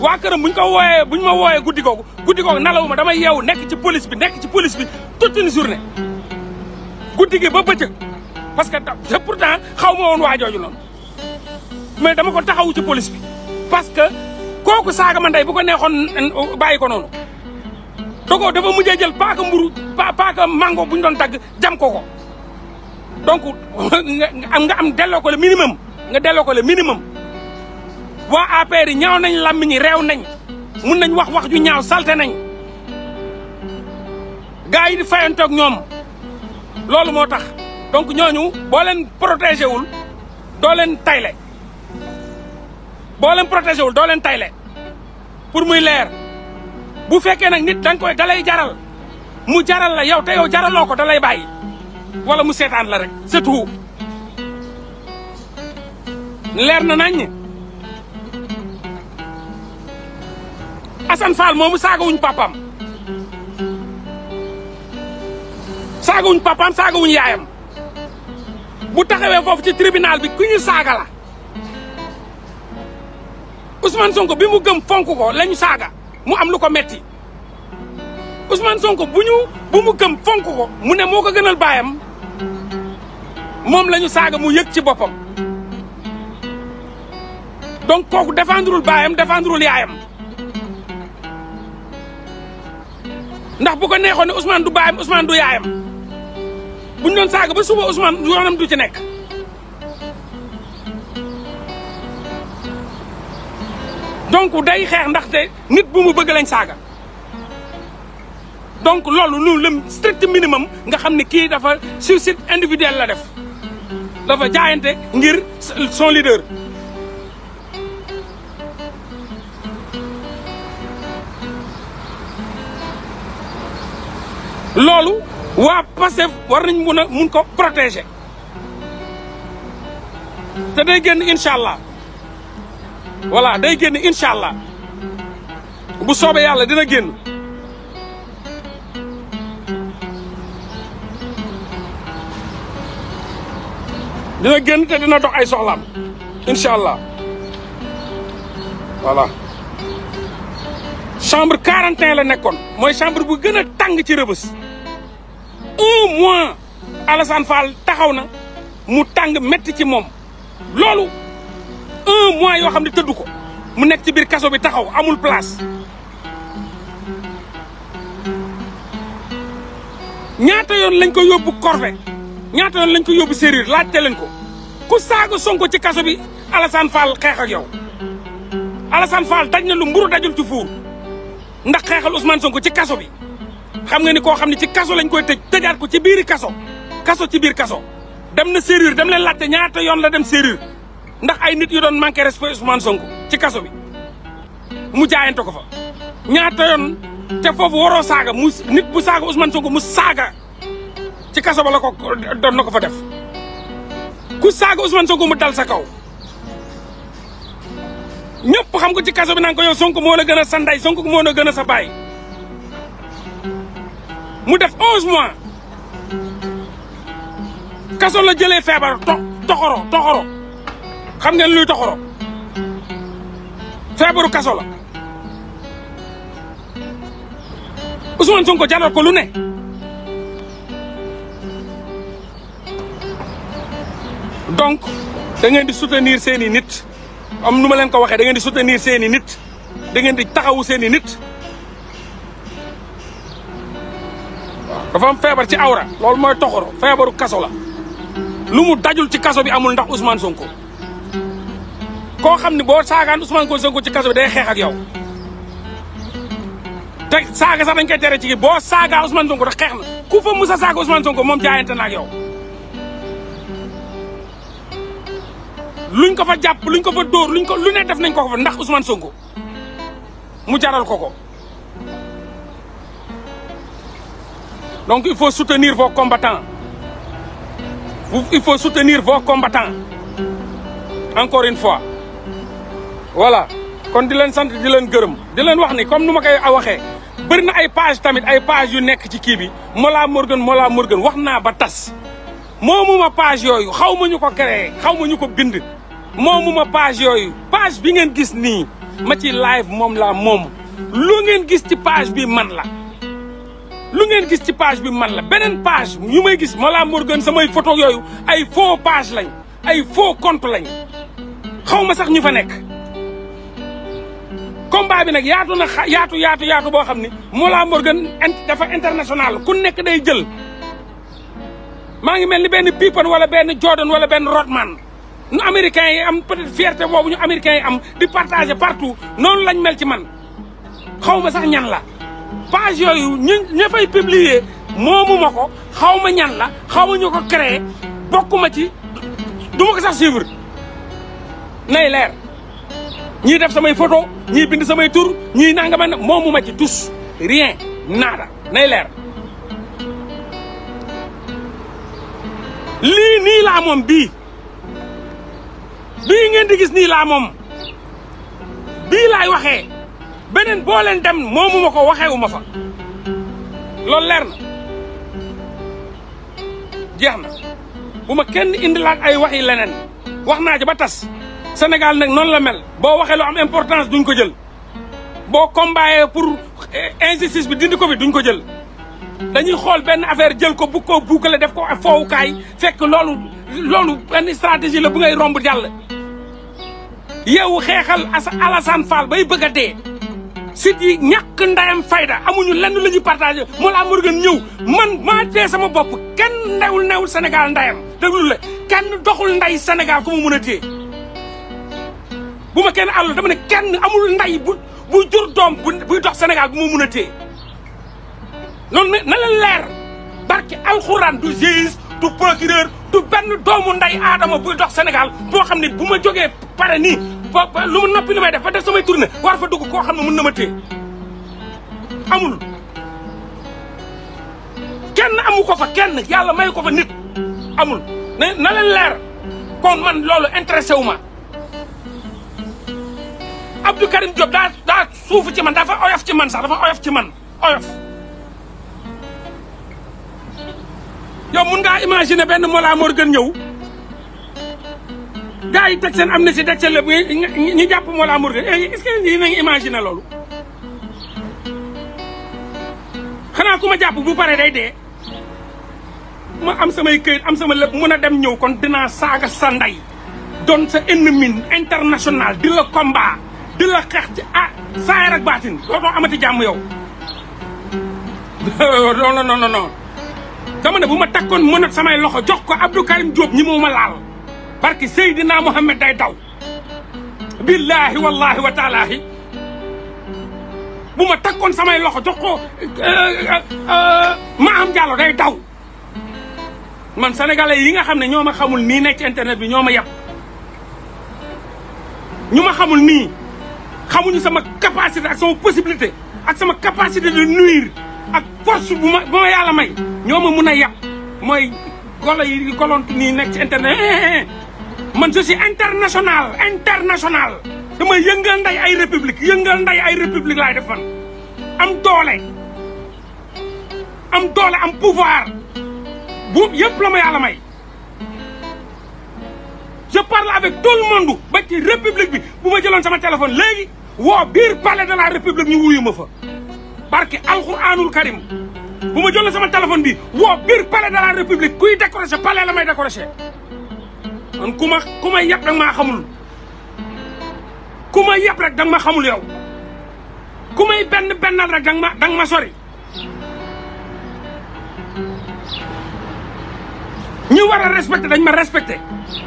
waa këram bu ñu ko wooyee bu ma wooyee guddi googu guddi googu nalawu ma damay yeewu nekk ci police bi nekk ci police bi toute une journée guddi gi ba bëccëg parce que te pourtant xaw ma woon waa jooju noonu mais dama ko taxawu ci police bi parce que kooku saaga ma ndey bu ko neexoon bàyyi ko noonu dogoo dafa mujjee jël paaka mburu paaka mangoo bu doon tagg jam ko ko donc nga am delloo ko le minimum nga delloo ko le minimum waa APR yi ñaaw nañ làmmiñ reew nañ mun nañ wax wax ju ñaaw salte nañ gars yi di fayantoog ñoom loolu moo tax donc ñooñu boo leen protégé wul doo leen tayle boo leen protégé wul doo leen tayle pour muy leer bu fekkee nag nit da nga koy dalay jaral mu jaral la yow te yow jaraloo ko dalay bàyyi wala mu seetaan la rek c'est tout leer na nañ Assane Fall moomu saagawuñ papaam saagawuñ papaam saagawuñ yaayam bu taxawee foofu ci tribunal bi ku ñu saaga la Ousmane Sonko bi mu gëm fonk ko la ñu saaga mu am lu ko metti Ousmane Sonko bu ñu bu mu gëm fonk ko mu ne moo ko gënal baayam moom la ñu saaga mu yëg ci boppam donc kooku défendrul baayam défendrul yaayam ndax bu ko neexoon ne Ousmane du baayam Ousmane du yaayam bu ñu saaga ba suba Ousmane yoonam du ci nekk. donc day xeex ndaxte nit bu mu bëgg lañ saaga donc loolu loolu lëm strict minimum nga xam ne kii dafa suicide individuel la def dafa jaayante ngir son leader. loolu waa Pastef war nañ mun a mun ko protéger te day génn incha allah voilà day génn incha allah bu soobee yàlla dina génn dina génn te dina dox ay soxlaam incha allah voilà chambre 41 la nekkoon mooy chambre bu gën a tàng ci rëbës un mois Alassane Fall taxaw na mu tàng métti ci moom loolu un mois yoo xam ne tëddu ko mu nekk ci biir kaso bi taxaw amul place ñaata yoon lañ ko yóbbu corvée ñaata yoon lañ ko yóbbu séeréer laajte leen ko ku saaga Sonko ci kaso bi Alassane Fall xeex ak yow Alassane Fall daj na lu mburu dajul ci fuur ndax xeexal Ousmane Sonko ci kaso bi xam nga ni koo xam ne ci kaso lañ koy tëj tëjaat ko ci biiri kaso kaso ci biir kaso dem na séeréer dem leen laajte ñaata yoon la dem séeréer ndax ay nit yu doon manqué respect Ousmane Sonko ci kaso bi mu jaayante ko fa ñaata yoon te foofu waroo saaga mu nit bu saaga Ousmane Sonko mu saaga ci kaso ba la ko doon na ko fa def ku saaga Ousmane Sonko mu dal sa kaw ñëpp xam ko ci kaso bi naan ko yow Sonko moo la gën a sa ndey Sonko moo gën a sa baay mu def onze mois kaso la jëlee feebar to toxoro toxoro xam ngeen luy toxoro feebaru kaso la Ousmane Sonko ko lu ne donc da ngeen di soutenir seeni nit am nu ma leen ko waxee da ngeen di soutenir seeni nit da ngeen di taxawu seeni nit dafa am feebar ci awra loolu mooy toxoro feebaru kaso la lu mu dajul ci kaso bi amul ndax Ousmane Sonko koo xam ne boo saagaan Ousmane ko Sonko ci kaso bi day xeex ak yow te saaga sax dañ koy tere ci gi boo saagaa Ousmane Sonko da xeex na ku fa musa saaga Ousmane Sonko moom jaayante na ak luñ ko fa jàpp luñ ko fa dóor luñ ko lu ne def nañ ko fa ndax Ousmane Sonko mu jaral ko ko Donc il faut soutenir vos combattants. il faut soutenir vos combattants. Encore une fois. Voilà. kon di leen sant di leen gërëm di leen wax ni comme nu ma koy waxee bëri na ay page tamit ay page yu nekk ci kii bi Mollah Morgun Mollah Morgun wax naa ba tas moomuma page yooyu xaw ma ñu ko créé xaw ma ñu ko bind moomuma page yooyu page bi ngeen gis nii ma ci live moom la moom lu ngeen gis ci page bi man la lu ngeen gis ci page bi man la beneen page ñu may gis Mollah Morgun samay photo yooyu ay faux page lañ ay faux compte lañ xaw ma sax ñu fa nekk combat bi nag yaatu na yaatu yaatu yaatu boo xam ni Mollah Morgun dafa international ku nekk day jël maa ngi mel ni benn Pippen wala benn Jordan wala benn Rodman nu américains yi am peut-être fierté boobu ñu américains yi am di partager partout noonu lañ mel ci man xaw ma sax ñan la page yooyu ñu ña fay publier moomu ma ko xaw ma ñan la xaw ma ñu ko bokk ma ci du ma ko sax nay leer ñii def samay photo ñii bind samay tur ñii nangama nag moomu ma ci tous rien nada nay leer lii nii laa moom bii bii ngeen di gis nii laa moom bii laay waxee beneen boo leen dem moomu ma ko waxeewu ma fa loolu leer na jeex na bu ma kenn indilaat ay wax yi leneen wax naa ci ba tas Sénégal nag noonu la mel boo waxee lu am importance duñ ko jël boo combatee pour eh, injustice bi dindi ko fi duñ ko jël dañuy xool benn affaire jël ko bu ko buukale def ko foowukaay fekk loolu loolu benn stratégie la bu ngay romb jàll yow xeexal Alassane Fall bay bëgg a dee sit yi ñàkk ndayam fayda amuñu lenn la ñuy partagé Mollah Morgun ñëw man maa tee sama bopp kenn ndewul newul Sénégal ndayam déglu kenn doxul nday Sénégal ku mu a bu ma kenn àll dama ne kenn amul nday bu bu jur doom buy dox Sénégal bu mën a téye loolu na na leen leer barki alxuraan du juge du procureur du benn doomu nday aadama buy dox Sénégal boo xam ne bu ma jógee pare nii ba ba lu mu noppi li may def samay tournée war fa dugg koo xam ne mën na ma amul kenn amu ko fa kenn yàlla may ko fa nit amul na na leen man loolu intéressé wu ma Abdou Karim Diop daa daa suufu ci man dafa oyof ci man sax dafa oyof ci man oyof yow mun ngaa imaginer benn Mollah Morgun ñëw gars yi teg seen am na si teg seen lépp ñu jàpp Mollah Morgun eh, est-ce que yéen a ngi imaginer loolu. xanaa ku ma jàpp bu pare day dee ma am samay këyit am sama lépp mën a dem ñëw kon dinaa saaga sa nday doon sa ennemi international di la combat di xeex ci ah saayar ak baatin dootoo amati jàmm yow. non non non non dama ne bu ma takkoon mun a samay loxo jox ko Abdou Karim Diop ñi mu ma laal. barki Seydina Mohamed day daw billaahi wallaahi wa bu ma takkoon samay loxo jox ko eh, eh, eh, ma am jàllo day daw man sénégalais yi nga xam ne ñoo ma xamul nii nekk internet bi ñoo ma yàpp ñu xamul nii xamuñu sama capacité ak sama possibilité ak sama capacité de nuire ak force bu ma bu ma may ñoo ma mun a yàpp mooy golo nii nekk ci internet man je suis international international damay yëngal nday ay république yëngal nday ay république laay def man am doole am doole am pouvoir yëpp la ma yàlla may je parle avec tout le monde ba ci république bi bu ma jëloon sama téléphone léegi woo biir palais de la république ñu ma fa barke alxuraanul karim bu ma jëloon sama téléphone bi woo biir palais de la république kuy décroché palais la may décroché man ku ma ku ma yab danga maa xamul ku ma yab rek danga ma xamul yow ku may benn bennal rek danga ma danga ma sori ñi war a respecté dañ ma respecté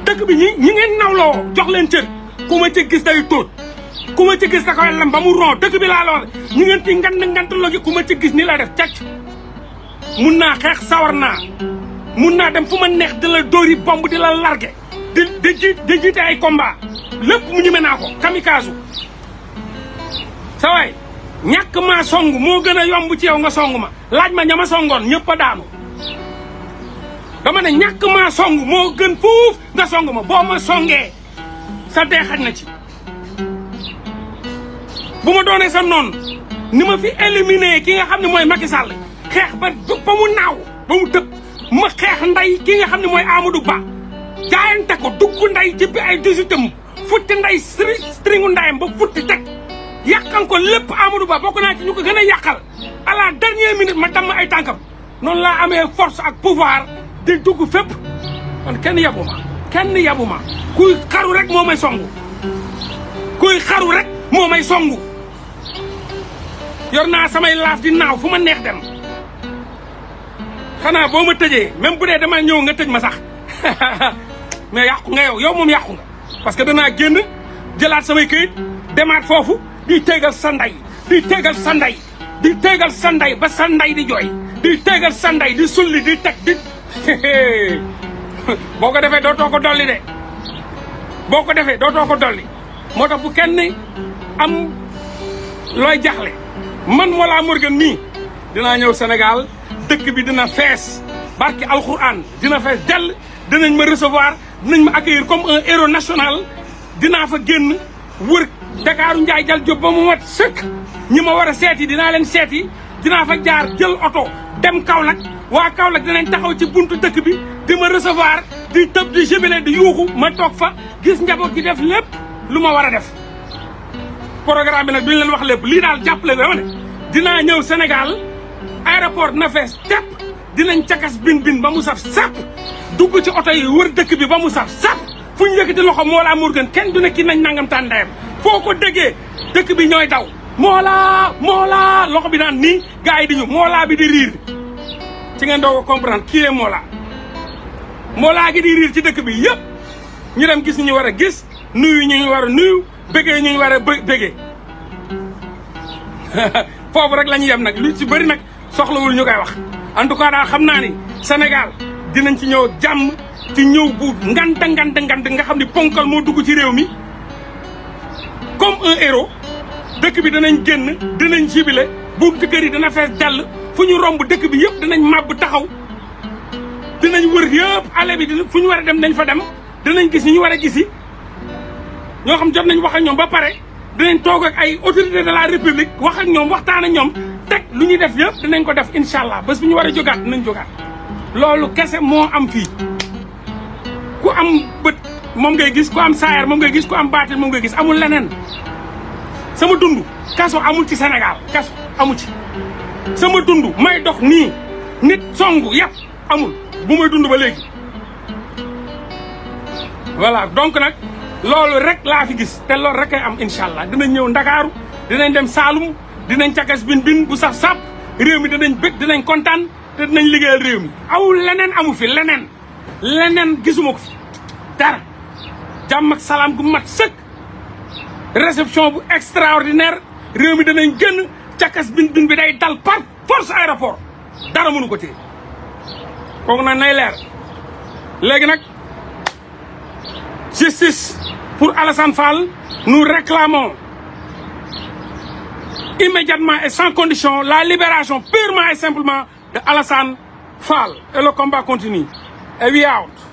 dëkk bi ñi ñi ngeen nawloo jox leen cër ku ma ci gis day tóot ku ma ci gis da koy lam ba mu ron dëkk bi laa lool ñi ngeen ci ngant ngant logi ku ma ci gis ni la def càcc mun naa xeex sawar naa mun naa dem fu ma neex di la dóori bomb di la largué da da da ay komba lépp mu ñeme naa kamikaasu sa waay ñàkk maa song moo gën a yomb ci yow nga song ma laaj ma ña songoon ñëpp a daanu dama ne ñàkk maa song moo gën fuuf nga song ma boo ma songee sa dee xaj na ci bu ma doonee sa noonu ni ma fi éliminé ki nga xam ne mooy Macky Sall xeex ba ba mu naaw ba mu tëb ma xeex nday ki nga xam ne mooy Amadou Ba jaayante ko dugg nday jibbi ay disitam futti nday sri stringu ndayam ba futti teg yàqal lépp Amadou Ba bokk naa ci ñu ko gën a yàqal à la dernière minute ma damm ay tànkam noonu laa amee force ak pouvoir di dugg fépp man kenn yabu ma kenn yabu kuy xaru rek moo may songu kuy xaru rek moo may songu yor naa samay laaf di naaw fu ma neex dem xanaa boo ma tëjee même bu dee dama ñëw nga tëj ma sax mais yàqu nga yow yow moom yàqu nga parce que danaa génn jëlaat samay këyit demaat foofu di tegal sanday nday di tegal sa di tegal sa ba sanday nday di jooy di tegal sa di sulli di teg di boo ko defee dootoo ko dolli de boo ko defee dootoo ko dolli moo tax bu kenn am looy jaxle man Mollah Morgun mii dinaa ñëw Sénégal dëkk bi dina fees barki alxuraan dina fees dell dinañ ma recevoir nañ ma accueillir comme un héros national dinaa fa génn wër Dakaaru Njaay Jal Jóob ba mu mat sëkk ñi ma war a seeti dinaa leen seeti dinaa fa jaar jël oto dem Kaolack waa Kaolack dinañ taxaw ci buntu dëkk bi di ma recevoir di tëb di jubile di yuuxu ma toog fa gis njaboot gi def lépp lu ma war a def programme bi nag duñ leen wax lépp lii daal jàppale dama ne dinaa ñëw senegal aéroport na fees tepp dinañ cakas bin bin ba mu saf sàpp dugg ci oto yi wër dëkk bi ba mu saf saf fu ñu yëkkati loxo Mollah Morgun kenn du ne kii nañ nangam taan foo ko déggee dëkk bi ñooy daw Mollah Mollah loxo bi naan nii gars yi di ñu Mollah bi di riir ci ngeen doo ko comprendre qui gi di ci dëkk bi yëpp ñu dem gis ñu war a gis nuyu ñu war a nuyu bëggee ñu war a bëggee foofu rek la yem nag lu ci bari nag soxlawul ñu koy wax en xam naa ni senegal dinañ ci ñëw jàmm ci ñëw bu nganta nganta ngant nga xam ni ponkal moo dugg ci réew mi comme un héros dëkk bi danañ génn dinañ jibile buntu kër yi dana fees dell fu ñu romb dëkk bi yëpp danañ màbb taxaw dinañ wër yëpp ale bi fu ñu war a dem nañ fa dem danañ gis ñi ñu war a gis gisi ñoo xam jot nañ wax ak ñoom ba pare dinañ toog ak ay autorité de la république wax ak ñoom waxtaan ak ñoom teg lu ñuy def yëpp danañ ko def incha allah bés bu ñu war a jógaat dinañ jógaat loolu kese moo am fii ku am bët moom ngay gis ku am saayar moom ngay gis ku am baatil moom ngay gis amul leneen sama dund kaso amul ci Sénégal kaso amu ci sama dund may dox nii nit songu yàpp amul bu may dund ba léegi voilà donc nag loolu rek laa fi gis te loolu rek am incha allah dinañ ñëw ndakaaru dinañ dem Saalum dinañ cakas bin bin bu saf sap réew mi dinañ bëgg dinañ kontaan te dinañ liggéeyal réew mi aw leneen amu fi leneen leneen gisuma ko fi dara jàmm ak salaam gu mat sëkk réception bu extraordinaire réew mi danañ gën càkkas bin bin bi day dal par force aéroport dara mënu ko téye kooku nag nay leer léegi nag justice pour Alassane Fall nous réclamons immédiatement et sans condition la libération purement et simplement de Alassane Fall. Et le combat continue. Et we out.